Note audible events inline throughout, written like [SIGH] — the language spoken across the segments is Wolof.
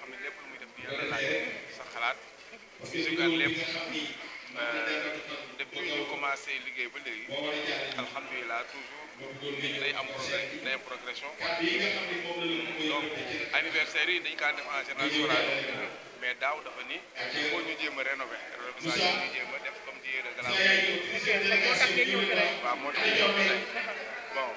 xam ne lépp lu muy def bi yàlla laaj sa xalaat sugal lépp euh, depuis ñu commencé liggéey ba léegi alhamdulilah toujours day am progrès day am progression anniversaire yi dañ kaa def en général mais daaw dafa ni foo ñu jéem a rénové rénovisation ñu a def comme di yére galaaw waaw moo tax ñu ñëw bon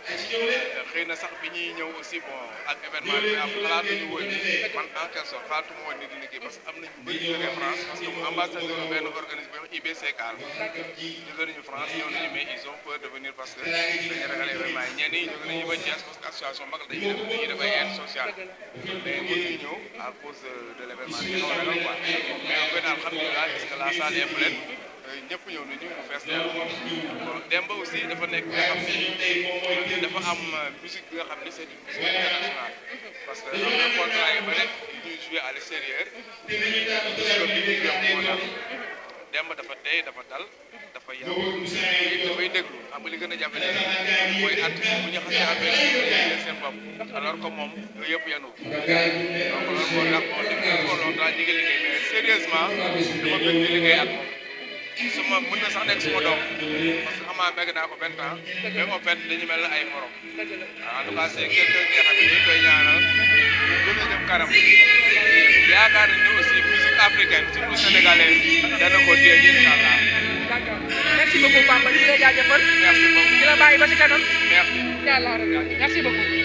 xëy na sax bi ñuy ñëw aussi bon ak événement bi am xalaatuñu woon man en quelque sorte xalaatuma woon ni liggéey parce que am nañu bëri jóge France parce que mu ambassadeur benn organisme IBCK jóge nañu France ñëw nañu mais ils ont peur de parce que dañu ragal événement yi ñenn yi jóge association mag dañuy def dañuy aide sociale mais mënuñu ñëw à cause de l' événement bi ñoo ragal quoi mais bu daal xam nga daal la salle est pleine ñëpp ñëw nañu mu fees dell Demba aussi dafa nekk nga xam ne dafa am bi nga xam ne c'est une musique parce que am na contrat yu bëri ñuy joué à dafa tey dafa dal dafa yàgg dafay déglu xam li gën a jàppe mooy at bu ñu xasee affaire yi seen bopp alors que moom yooyu yëpp yanu donc loolu moo tax on dirait que moom suma mën na sax nekk suma doom parce que Ama bëgg naa ko benn temps même au fait ne ay morom en tout cas c'est quelqu'un qui xam ne dañ koy ñaanal gën a jëm kanam yaakaar nañu aussi musique africaine surtout sénégalaise dana merci beaucoup Bamba ñu ngi lay jaajëfal merci beaucoup di la merci merci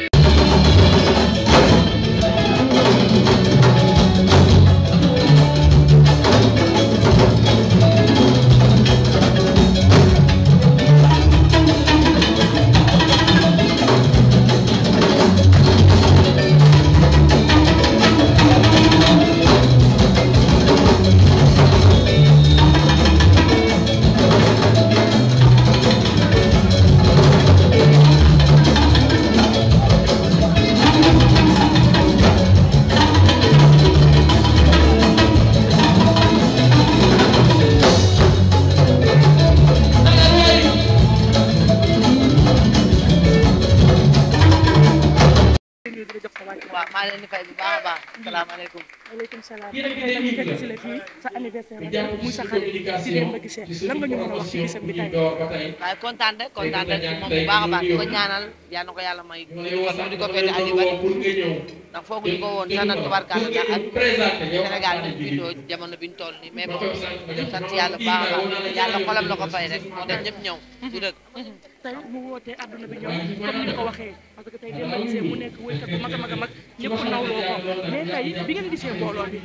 gisee a wax kontaan de kontaan de moom bu baax a baax di ko ñaanal yal na ko yàlla may di ko fete at yu foogu ñu ko woon sax nag tubarkaal bi bindoo jamono bi ñu toll nii mais bon sant yàlla bu a baax yàlla xolam la ko fay rek moo tax ñëpp ñëw du dëgg mu wootee àdduna bi ñëw comme que tey Demba Guissé mu nekk a mag a bi ngeen gisee mbooloo bi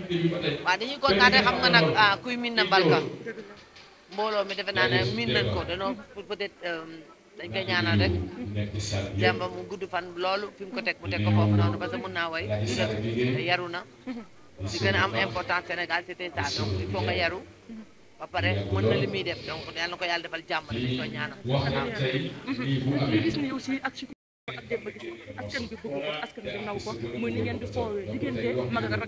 waaw dañuy kontaan nga nag ah, kuy min na mbalka mbooloo mi defe naa ne miin nañ ko danoo peut-être euh, dañ koy ñaanal rek jàmba mu gudd fan loolu fi mu ko teg mu teg ko foofu noonu parce que mun naa way yaru na di gën a am important Sénégal c'était ça donc il faut nga yaru ba pare mën na li muy def donc yal na ko yàlla defal jàmm dañ koy ñaanal ak démb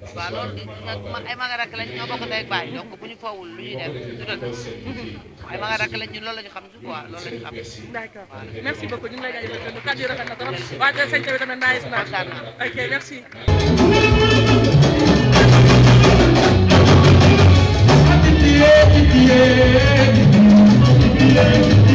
waaw loolu nag ay maga rakk lañ ñoo bokk ndey ak baay donc bu ñu fawul lu ñuy def du dëgg ay maga rakk lañ ñun loolu la ñu xam quoi loolu la ñu xam. d'accord merci beaucoup ñu ngi lay jaajëfal kàddu yi rafet na trop waaye tey sëñ bi tamit naaj na ok merci. Yeah.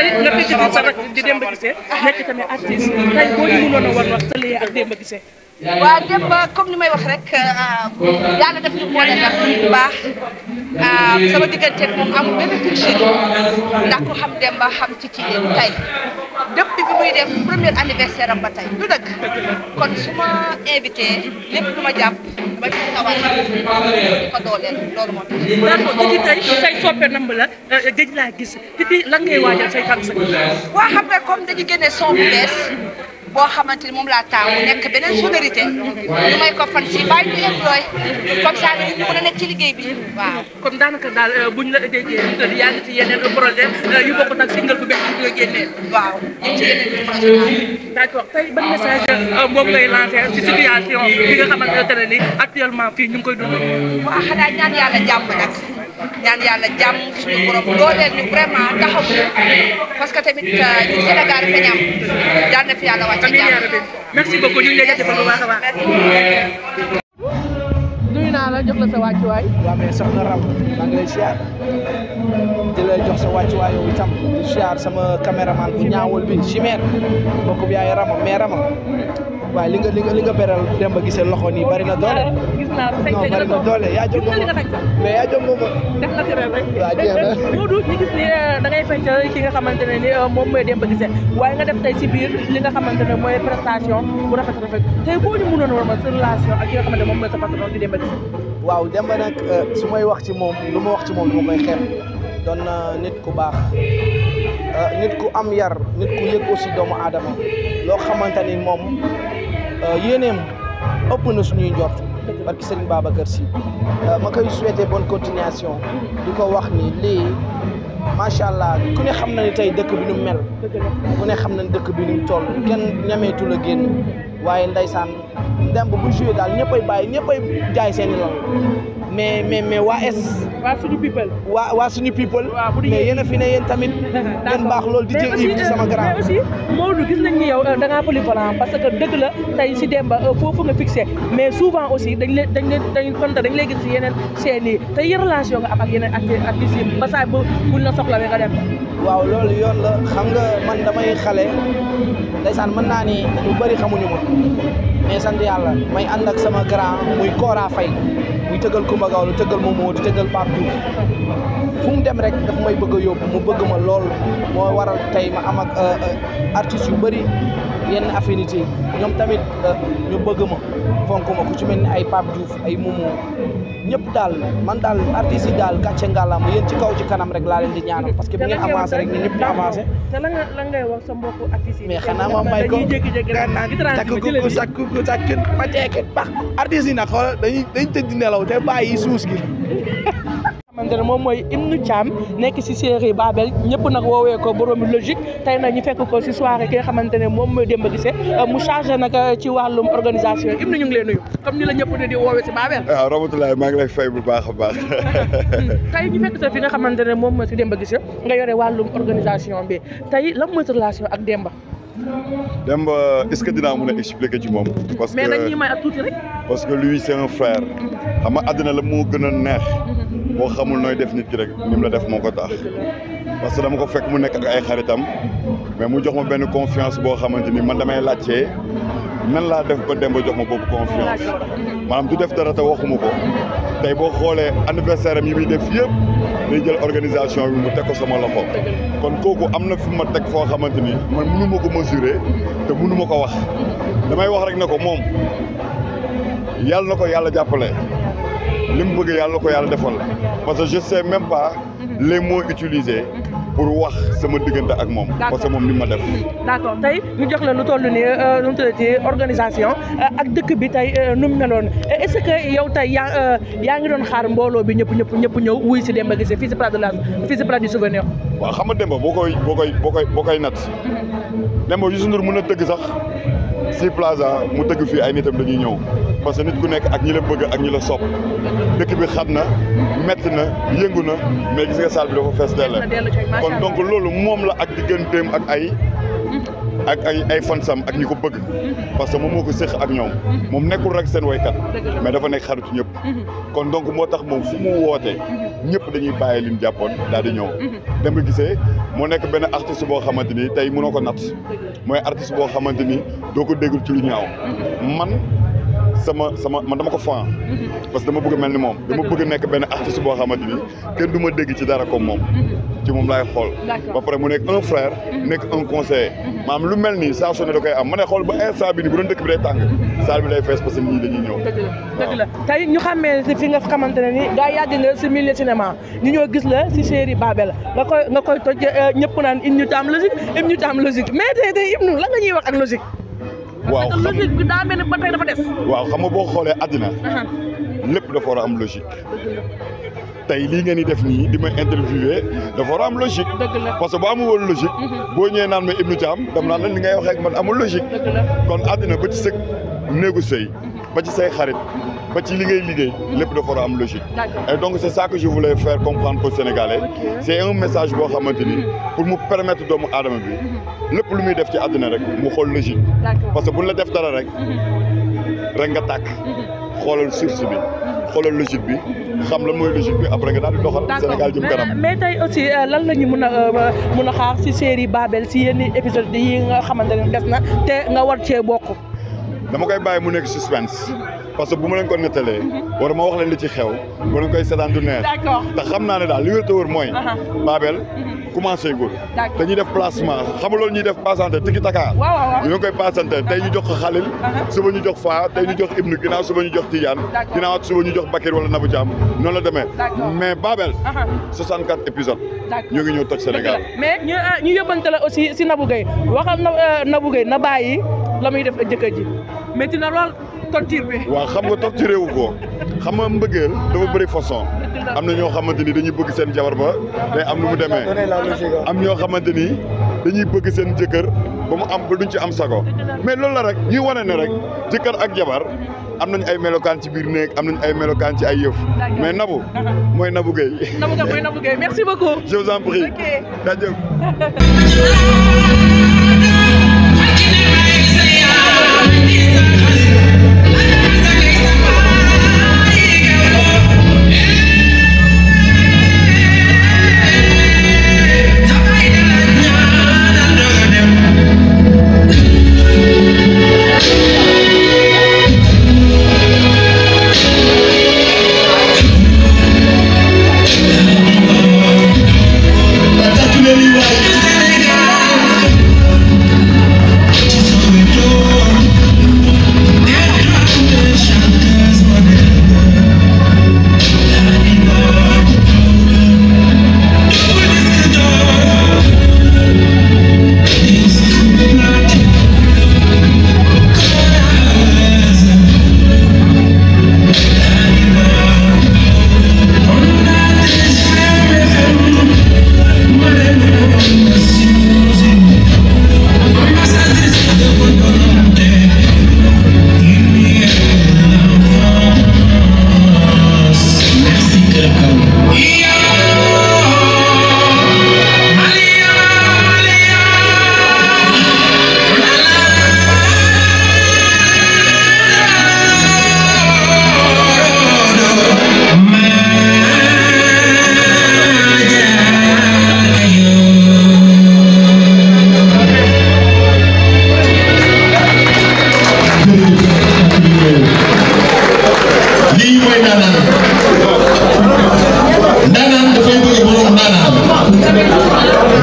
tey nga fekk di sa nekk tamit artiste boo ñu mënoon a war wax sa lien ak Demba Guissé waaw démb comme ni may wax rek euh, yàlla def ñu boole ndax bu baax euh, sama digganteeg moom amul ku xam démb xam ci ci tey muy def premier anniversaire ba tey du dëgg kon su ma ma jàpp ba ñu kawal ko dooleel loolu moo la euh, géej laa gis titi lan waa xam nga comme dañu génne son bu boo xamante ni moom laa taamu nekk beneen solidarité lu may ko fan si bàyyi ñu employé comme ça ñu mën a nekk ci liggéey bi waaw. comme daanaka daal euh, bu ñu la euh, déggee ñu euh, tëdd yaa ngi ci yeneen projet yu bokkut ak single bu bees bi nga génnee. waaw ñu ci yeneen projet d'accord tey ban message moom ngay lancé ci situation bi nga xamante ne nii actuellement fii ñu ngi koy dund. waaw xanaa ñaan yàlla jàmm nag. ñaan yàlla jàmm suñu borom dooleel ñu vraiment taxaw parce que tamit euh, ñun Sénégal dafa ñam yal na fi yàlla wàcce ñu naa la jox la sa wàccuwaay. waaw mais soxna Ram maa ngi lay di la jox sa wàccuwaay yow itam di siyaar sama caméraman bu ñaawul bi chimère mbokk bi yaay Rama mais Rama. waaye li nga li li nga beral dem ba gisee loxo nii bari na doole. gis naa non bari na doole yaa jom nga ma euh, ki nga xamante ne euh, moom mooy dem ba gisee waaye nga def tey si biir li nga xamante ne mooy prestation bu rafet rafet tey boo ñu mënoon war ma sa relation ak ki nga xamante moom mooy sa patron di dem ba gisee. waaw dem nag euh, su may wax ci moom lu ma wax ci moom dama koy xeeb doon na nit ku baax. nit ku am yar nit ku yëg aussi doomu aadama loo xamante ni moom Euh, yéeneem ëpp na suñuy njort barki Serigne Babacar Sy euh, ma koy souhaiter bonne continuation di ko wax ni li macha allah ku ne xam na ni tey dëkk bi nu mel ku ne xam na ni dëkk bi nu toll kenn ñameetu la génn waaye ndeysaan ndemb bu joué daal ñëppay bàyyi ñëppay jaay seeni lool mais ah, mais mais waa es waa suñu people waa waa suñu people mais yéen a fi ne yéen tamit [LAUGHS] ngeen baax loolu di jël Yves di sama grand mais aussi Modou gis nañ ni yow euh, da ngaa polyvalent parce que dëgg la tey si Demba euh, foofu nga fixé mais souvent aussi dañ leen dañ leen dañ dañ lay gis si yeneen chaîne te yéen relation nga am ak yeneen artistes yi ba saa bu buñ la soxlawee nga dem waaw loolu yoon la xam nga man damay xale ndeysaan man naa ni lu bëri xamuñu ma mais sant yàlla may ànd ak sama grand muy Kora fay buy tëggal Coumba Gawlo tëggal Momo di tëggal Pape Diouf fu mu dem rek daf may bëgg a yóbbu mu bëgg ma lool moo waral tey ma am ak euh, euh, artistes yu bëri yenn affinité ñoom tamit euh, ñu bëgg ma fonk ma ku ci mel ay Pape Diouf ay Momo ñëpp daal man daal artistes yi daal gàcce ngàllaama yéen ci kaw ci kanam rek laa leen di parce que bi ngeen avancé rek ñun ñëpp ñu avancé. te lan nga lan ma may ko naan takku ko sakku ko sakkin paceekit pax yi suus gi xamante moom mooy Ibnou Thiam nekk si série Babel ñëpp nag woowee ko borom logique tey nag ñi fekk ko si soirée ki nga xamante ne moom mooy Demba Guissé mu chargé nag euh, ci wàllum organisation Ibnou ñu ngi lay nuyu comme ñëpp di di woowee si ah, bu baax a baax. [LAUGHS] tey ñu xamante ne moom mooy si Demba Guissé nga yore wàllum organisation bi tey lan mooy sa relation ak Demba. Demba est-ce que dinaa mën a expliquer ci moom. parce que mais nag ñuy tuuti rek. parce que lui c'est frère. xam àddina la mu gën a neex. Mm-hmm. boo xamul nooy def nit ki rek ni la def moo ko tax parce que dama ko fekk mu nekk ak ay xaritam mais mu jox ma benn confiance boo xamante ni man damay laajte nan laa def ba dem ba jox ma boobu confiance maanaam du def dara te waxuma ko tey boo xoolee anniversaire am yi muy def yëpp day jël organisation bi mu teg ko sama loxo kon kooku am na fu ma teg foo xamante ni man mënu ma ko mesurer te mënu ma ko wax damay wax rek ne ko moom yàlla na ko yàlla jàppale. li mu bëgg yàlla ko yàlla defoon la parce que je sais même pas mhm. les mots mhm. pour wax sama diggante ak moom. parce que moom li ma def. d' accord tey ñu jox la lu toll nii euh, nu mu organisation euh, ak dëkk bi tey euh, nu mu meloon est ce que yow tey yaa yaa ngi doon xaar mbooloo bi ñëpp ñëpp ñëpp ñëw wuy si Demba Guissé fii de la fii si place du souvenir. xam ma Demba boo koy boo koy boo koy boo koy nat. Mhm. Demba Youssou Ndour mën a tëgg sax. si plaza mu tëgg fii ay nitam dañuy ñëw parce que nit ku nekk ak ñi la bëgg ak ñi la sopp dëkk bi xam na metti na yëngu na mais gis nga salle bi dafa fees kon donc loolu moom la ak digganteem ak ay ak ay ay sam ak ñi ko bëgg parce que moom moo ko séq ak ñoom moom nekkul rek seen woykat mais dafa nekk xaritu ñëpp kon donc moo tax moom fu mu wootee ñëpp dañuy bàyyi li ñu jàppoon daal di ñëw dem nga gisee moo nekk benn artiste boo xamante ni tey mënoo ko nat mooy artiste boo xamante ni doo ko déggul ci lu ñaaw man sama sama man dama ko faan mhm. parce que dama bëgg mel ni moom dama bëgg nekk benn artiste boo xamante ni kenn du ma dégg ci dara comme moom mhm. ci moom laay xool ba pare mu nekk un frère mhm. nekk un conseiller maam lu mel nii saa su ne da koy am ma xool ba instant bi ni bu doon dëkk bi day tàng salle bi fees parce que nit ñi ñëw la tey ñu xammee si fi ne ni gaa yàgg na si milieu cinéma ñu ñoo gis la si Chérie Babel nga koy toj eh, ñëpp naan im ñu taam logique im ñu taam logique mais tey tey im nu la nga ñuy wax ak logique waaw parce que logique bi daa mel waaw xam boo xoolee àddina. Uh-huh. lépp dafa war am logique. tey lii ngeen di def nii di ma interviewé dafa war a am logique. parce que boo amul woon logique. Uh-huh. boo ñëwee naan ma Ibnou Thiam dam naan la li ngay waxee ak man amul logique. kon àddina ba ci sa néegu sëy ba ci say xarit. ba ci li ngay liggéey lépp dafa war am logique et donc c' est ça que je voulais faire comprendre aux Sénégalais c' est un message boo xamante ni pour mu permettre doomu aadama bi lépp lu muy def ci àddina rek mu xool logique parce que bu la def dara rek rek nga tàkk xoolal source bi xoolal logique bi xam lan mooy logique bi après nga daal di doxal Sénégal jëm kanam mais tey aussi euh, lan la ñu mën a euh, mën a xaar si série Babel si yenn épisode yi nga xamante ne des na te nga war cee bokk dama koy bàyyi mu nekk suspense parce que bu ma leen ko nettalee. Mhm. war ma wax leen li ci xew. ba leen koy du neex. d'accord xam naa ne daal li wér te wóor mooy. Uh-huh. Babel mhm. commencé gul. dañuy def placement xam loolu ñuy def passante tiki taka. waaw waaw ñu koy passante tey ñu jox ko Xalil. Uh-huh. suba ñu jox Faa tey ñu uh-huh. jox Ibnu ginnaaw suba ñu jox Tidiane. ginnaaw suba ñu jox Bakir wala Nabou Thiam noonu la demee. mais Babel. 64 épisodes. ñu ngi ñëw toj Sénégal. mais ñu euh, ñu yóbbante si Nabou Gueye waxal na euh, Nabou Gueye na bàyyi la muy def torture bi. waaw xam nga toog ci wu ko xam nga mbëggeel dafa bëri façon am na ñoo xamante ni dañuy bëgg seen jabar ba day am lu mu demee am ñoo xamante ni dañuy bëgg seen jëkkër ba mu am ba duñ ci am sago mais loolu la rek ñuy wane ne rek jëkkër ak jabar am nañ ay melokaan ci biir néeg am nañ ay melokaan ci ay yëf mais Nabou mooy Nabou Gueye. Nabou Gueye mooy merci beaucoup. je vous en prie. ok jaajëf. [LAUGHS]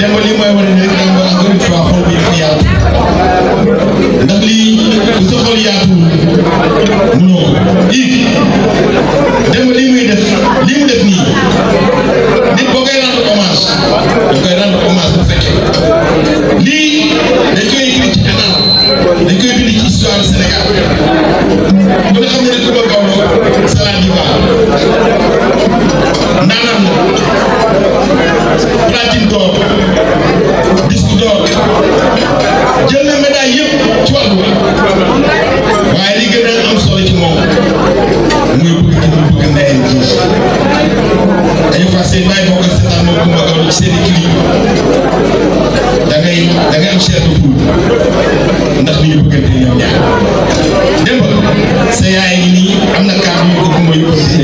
xam nga lii mooy wane ne da nga encore une fois xol bi dafa yaatu ndax lii bu sa xol yaatu munoo ko lii dem lii muy def lii mu def nii nit boo koy rendre hommage da koy rendre hommage bu fekkee lii dañ koy bind ci pétan dañ koy bind ci histoire Sénégal bu nga xam ne ne ku bëgg Kaolack salade yi baax naanam platine d'or disque d'or jël na médaille yëpp ci wàllu waaye li gën a am solo ci moom muy bëgg ki mu bëgg ndeyam ji dañu fas seen bàyyi bokk seetaan moom ku mbagaw seen i clip da ngay da ngay am chair de poule ndax li ñu bëggante ñoom ñaar démb sa yaay ngi nii am na kàddu yu bëgg mooy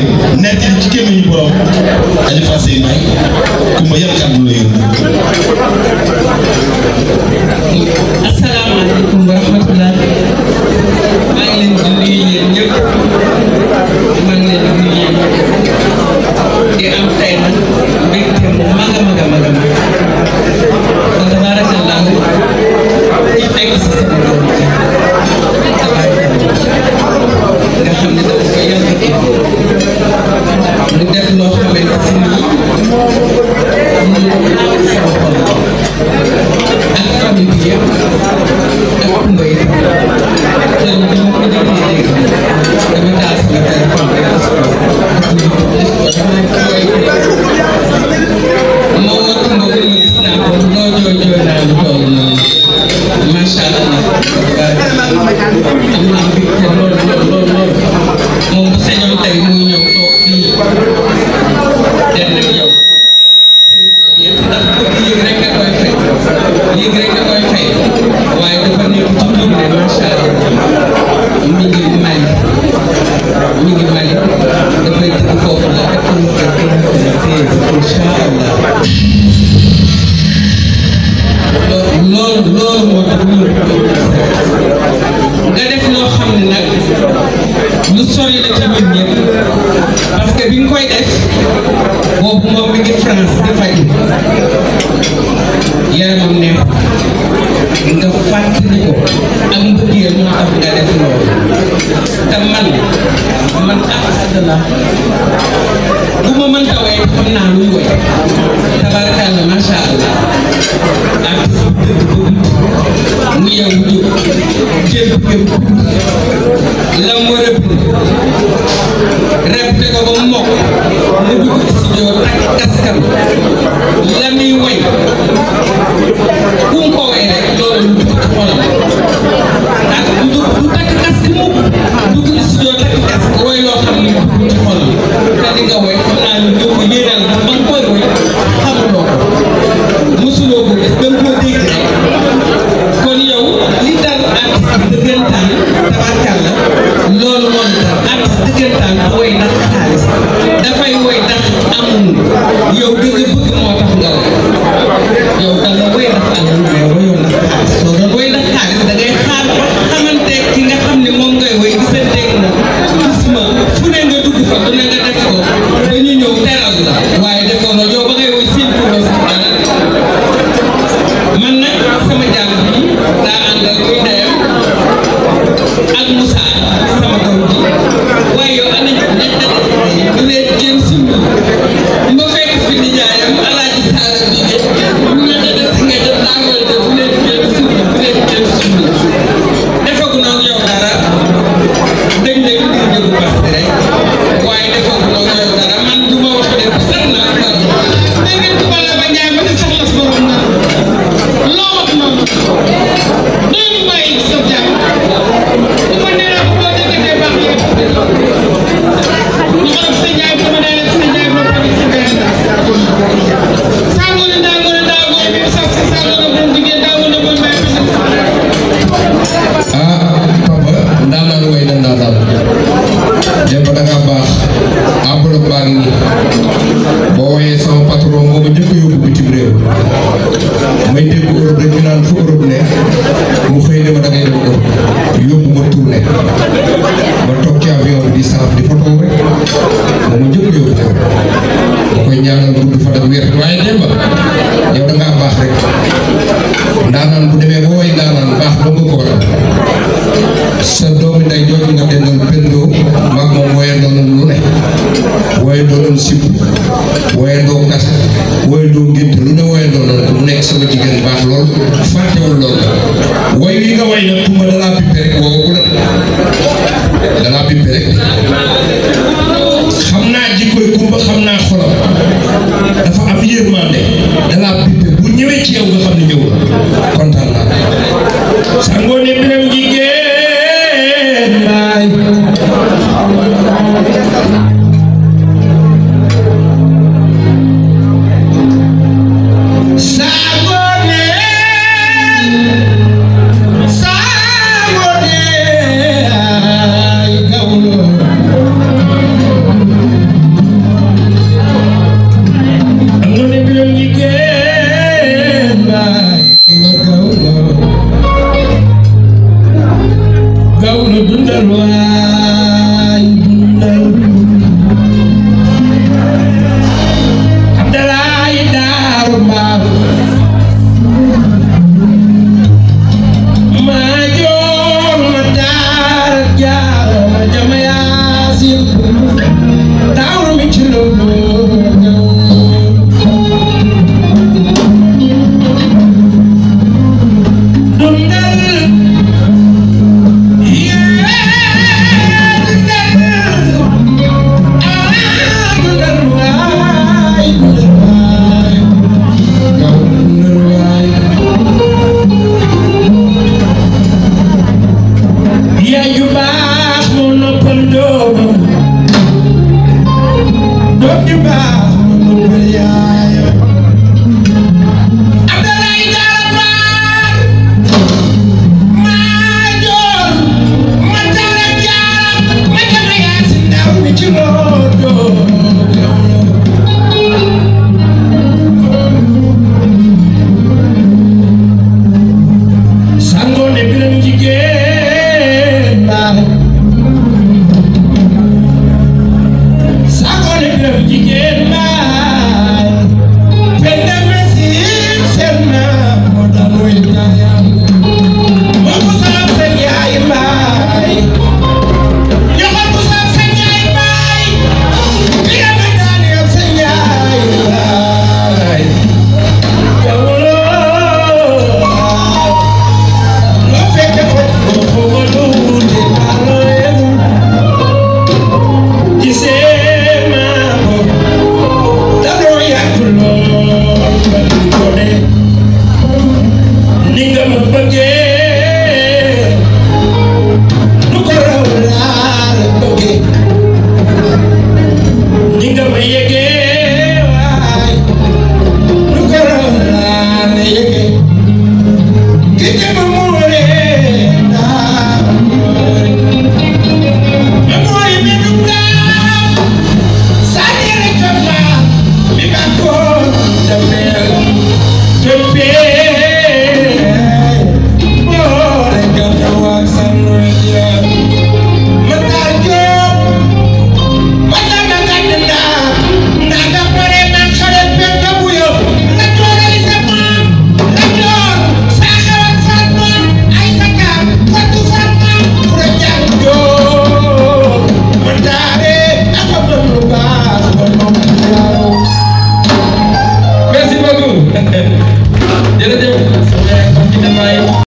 neex xolam